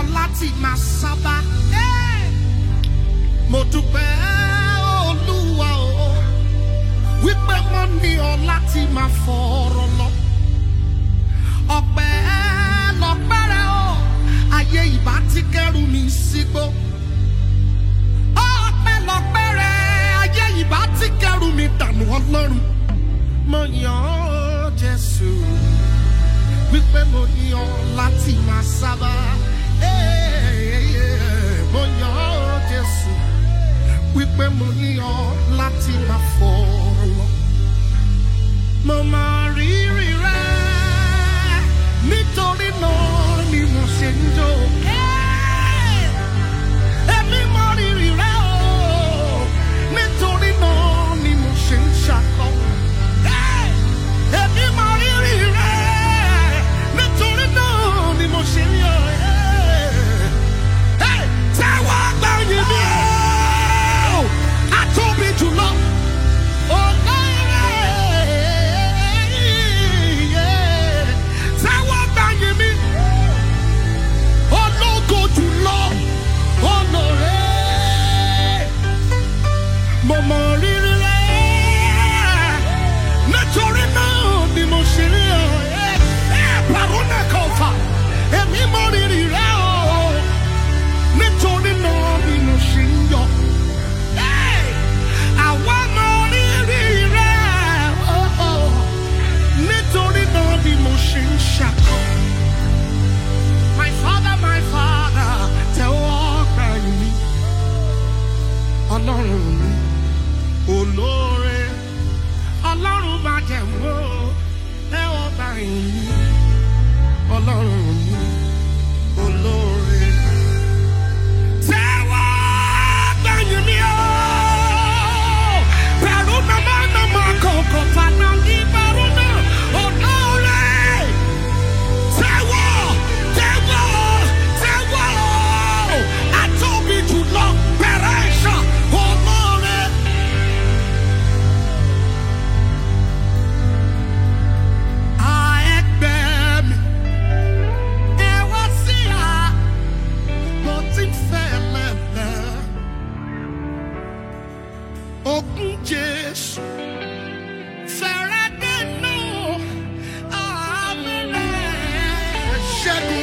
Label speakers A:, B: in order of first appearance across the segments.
A: ọláti masaba, motupe olúwa o
B: wípé mo ọláti máa fọ̀rọ̀ lọ.
A: ọpẹ́ lọ́pẹ́rẹ́ o ayé ìbá ti kẹ́rù mi sígbó. ọpẹ́ lọ́pẹ́rẹ́ ayé ìbá kẹ́rù
B: mi dànù ọlọ́run. mo yàn jésù wípé olati masaba. ọ láti máa sábà. pé mo ní ọ láti máa
A: fọ̀rọ̀ mo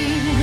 A: rain.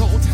B: old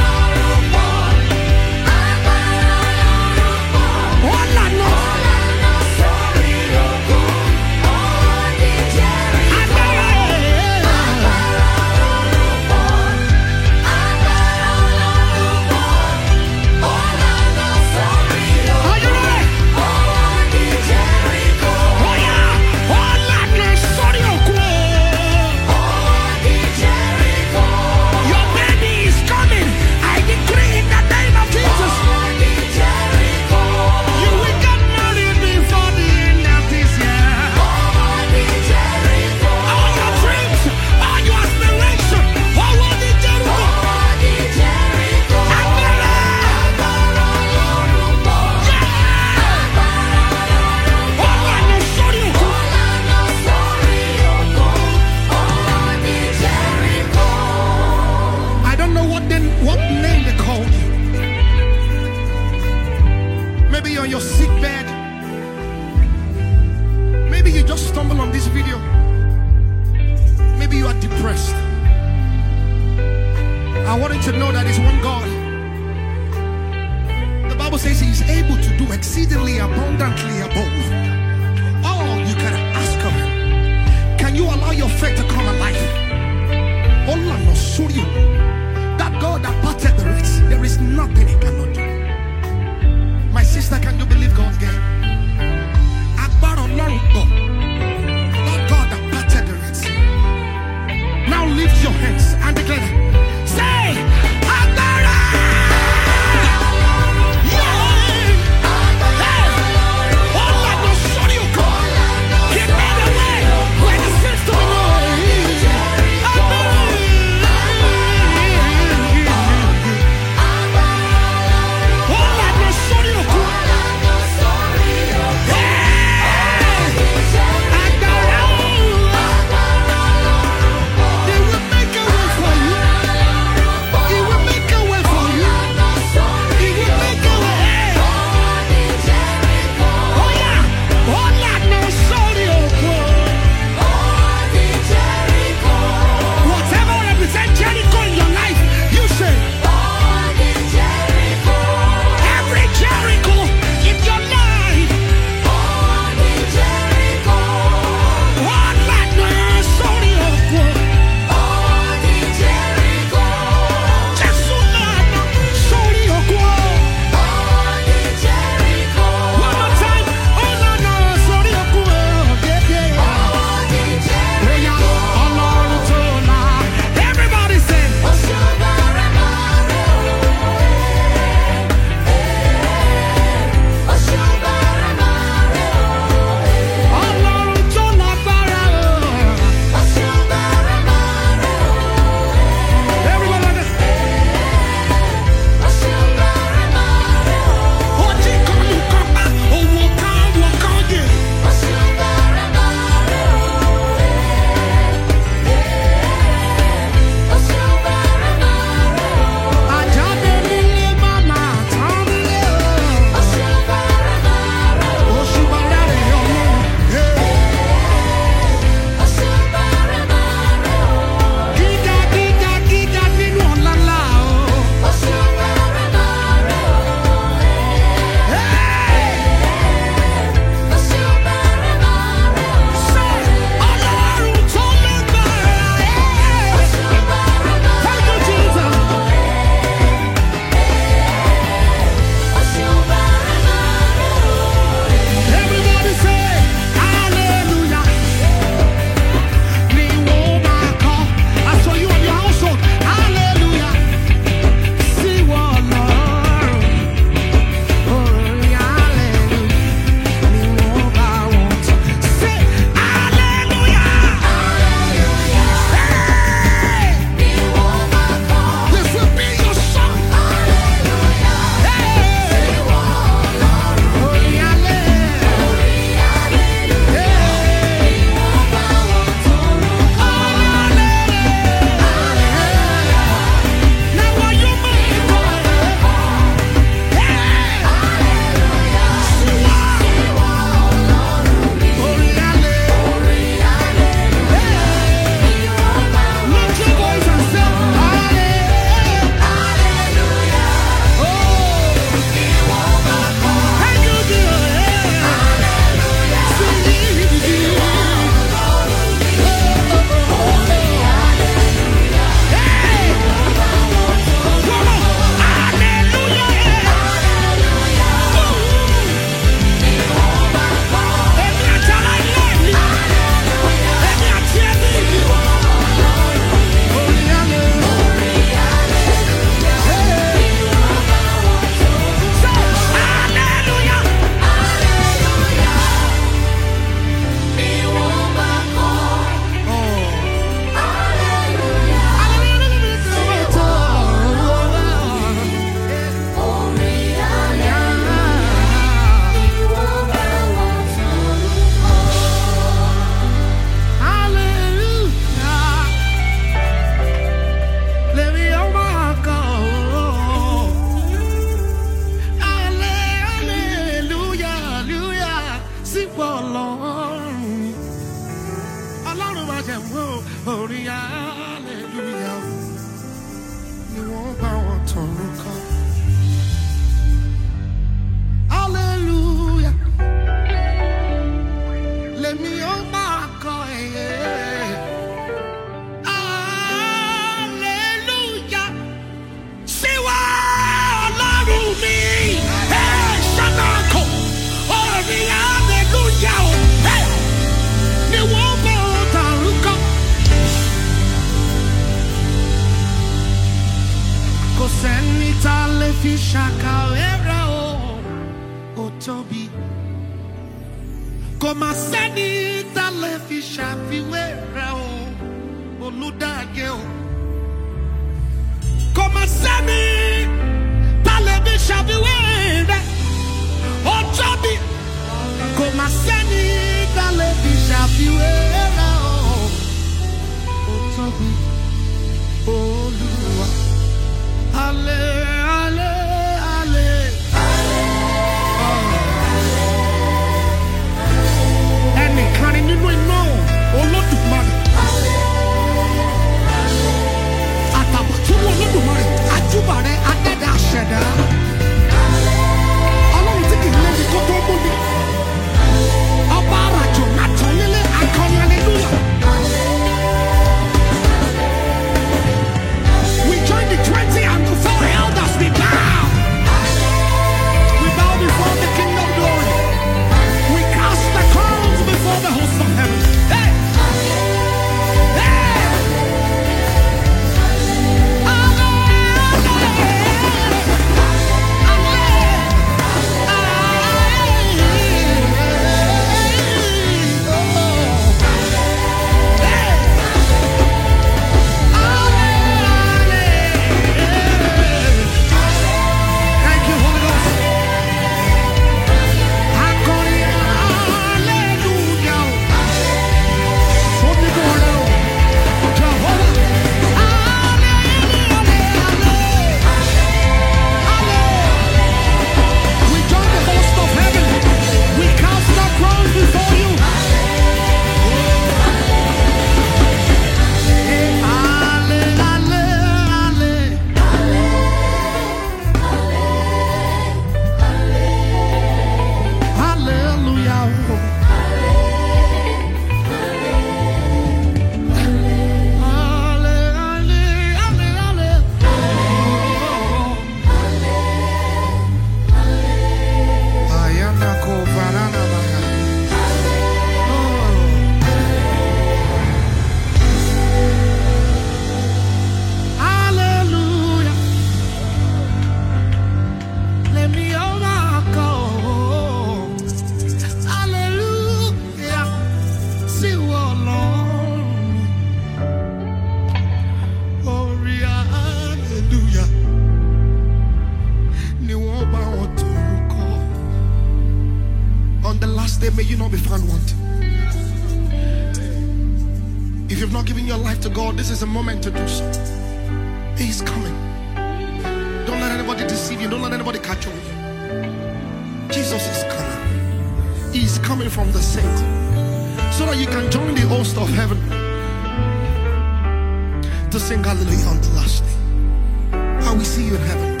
B: us in Galilee on the last day. I will see you in heaven.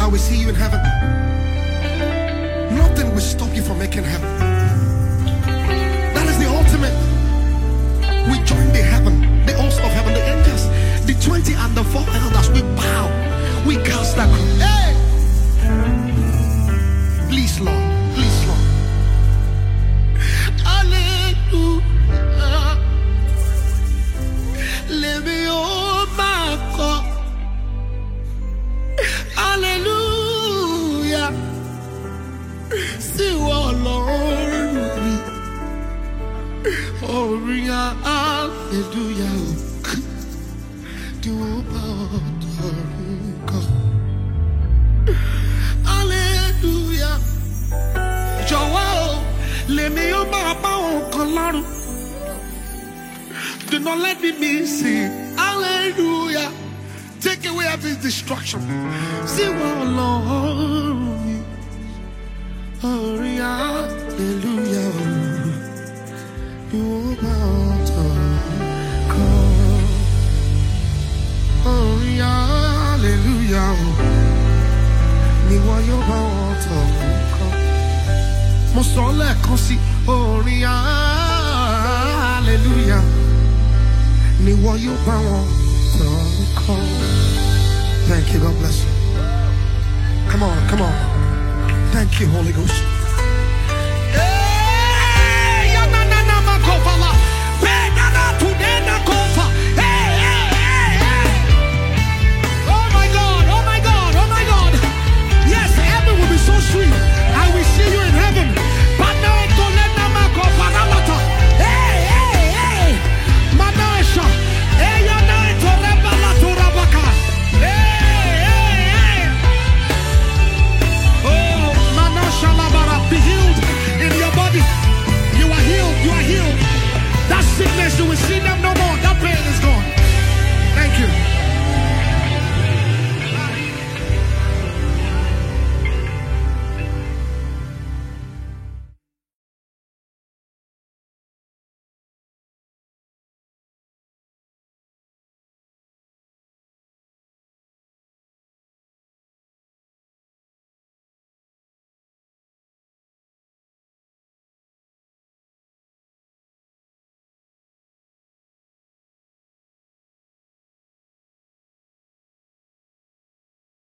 B: I will see you in heaven. Nothing will stop you from making heaven. That is the ultimate. We join the heaven, the host of heaven, the angels, the 20 and the four elders. We bow. We cast that. Hey! gloria, aleluya. Dupa otorunko.
A: Aleluya. Jọ̀wọ́ o, lèmi ó máa Do not let me miss it.
B: Hallelujah. Take away every distraction. destruction. See what
A: mi. Orin hallelujah. You
B: ìwọ yóò bá wọn tọ̀ nǹkan. mo sọ lẹ́ẹ̀kan sí orin hallelujah ni ìwọ yóò bá wọn tọ̀ nǹkan. Thank you, God bless you. Come on, come on. Thank you, Holy Ghost.